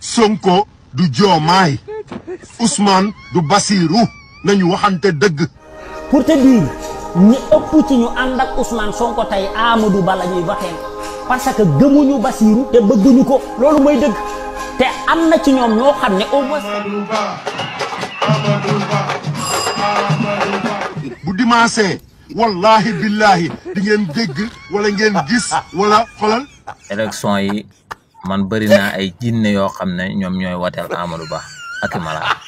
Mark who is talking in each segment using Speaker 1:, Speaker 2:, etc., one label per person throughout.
Speaker 1: Sonko du Diomaye Ousmane du Bassirou nañu waxante dëgg. pour te dire ñi ëpp ci ñu ànd ak Ousmane Sonko tey Amadou Ba la ñuy voter parce que gëmuñu Bassirou te bëgguñu ko loolu mooy dëgg te am na ci ñoom ñoo xam ne au moins. bu dimanche wallahi billahi di ngeen dégg wala ngeen gis wala xolal. yi. man bëri naa ay jinne yoo xam ne ñoom ñooy wateel Amadou Ba ak i malaat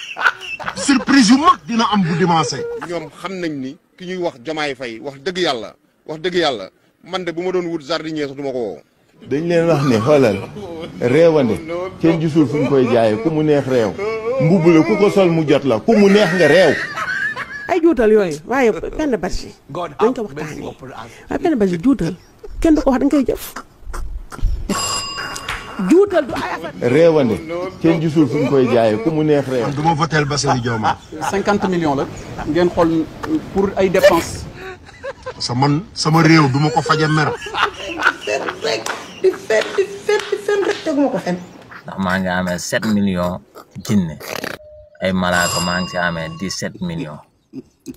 Speaker 1: surprise yu mag dina am bu dimanche. ñoom xam nañ ni ki ñuy wax Diomaye fay wax dëgg yàlla wax dëgg yàlla man de bu ma doon wut jardinier sax du ma ko woo. dañ leen wax ne xoolal réewande kenn gisul fu koy jaayee ku mu neex reew mbubb la ku ko sol mu jot la ku mu neex nga réew. ay juutal yooyu waaye Penda Badji dañ ko waxtaanee waaye Penda Badji juutal kenn du ko wax dañ koy jëf. juutal du ay affaire. réewande
Speaker 2: kenn gisul fu ñu koy jaayee ku
Speaker 1: mu neex réew. man du ma voté Bassirou Diomaye. la ngeen xool pour ay dépenses. sama réew du ma ko faje mer. di fen di fen di maa ngi amee 7 millions jinne ay malaaka maa ngi si amee 17 millions.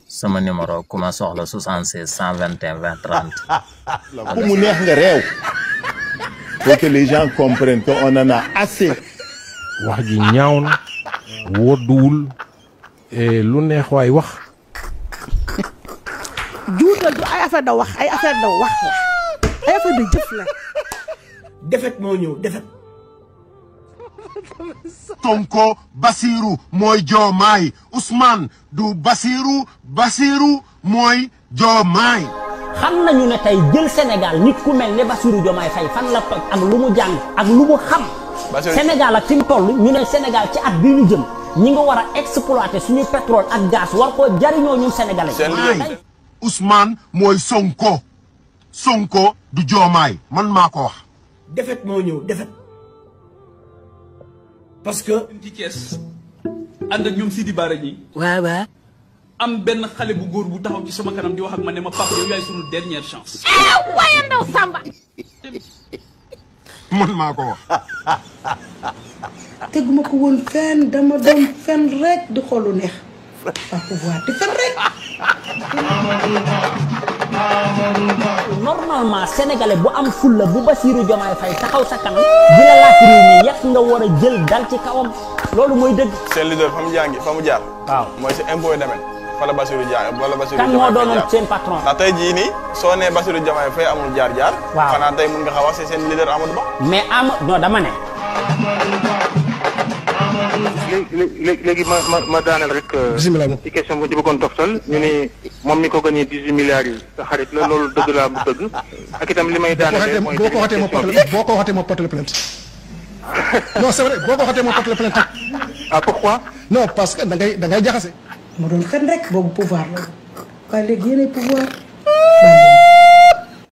Speaker 1: sama numéro ku ma soxla 76 121 20 30. ku mu neex nga réew. pour que les gens comprennent on en a assez. wax ji et na wodduwul lu neex way wax. Djoutal du ay affaire da wax ay affaire da wax la ay affaire de jëf la. defet mo ñëw defet. Sonko Basirou moy Joomaay Ousmane du Basiru Basiru moy Joomaay. xam nañu ne tey jël Sénégal nit ku mel ne Bassirou jomaay Faye fan la toj ak lu mu jàng ak lu mu xam. Sénégal ak fi mu ñu ne Sénégal ci at bii ñu jëm ñi nga war a exploiter suñu pétrole ak gaz war koo jariñoo ñun sénégalais. Ousmane mooy Sonko Sonko du Diomaye man maa ko wax. defet moo ñëw defet parce que. ci Thiès ànd ak ñoom Sidi ñi. am benn xale bu góor bu taxaw ci sama kanam di wax ak ma ne ma papa yow yaay sunu dernière chance. waaye ko wax. teguma ko woon fenn bu am fulla bu Bassirou Diomaye Faye taxaw sa kanam di la laaj réew mi nga war a jël dal ci kawam loolu mooy dëgg. seen leader fa mu jàngi fa mu jaar. waaw mooy si impôt domaine. fa la Bassirou Dia wala kan patron ndax tey jii nii soo nee Bassirou Diomaye Faye amul jaar-jaar waaw nga leader Amadou Ba mais am non dama ne léegi ma ma ma rek. ci question bu ci bëggoon toftal. ñu ne moom mi ko gagné dix milliards sa xarit la loolu dëgg laa bu dëgg. ak itam li may daaneel mooy. boo ko xatee boo ko plainte. non c'est vrai plainte. ah pourquoi. non parce que da ngay da ngay mu doon xet rek boobu pouvoir la waaye léegi yéenay pouvoir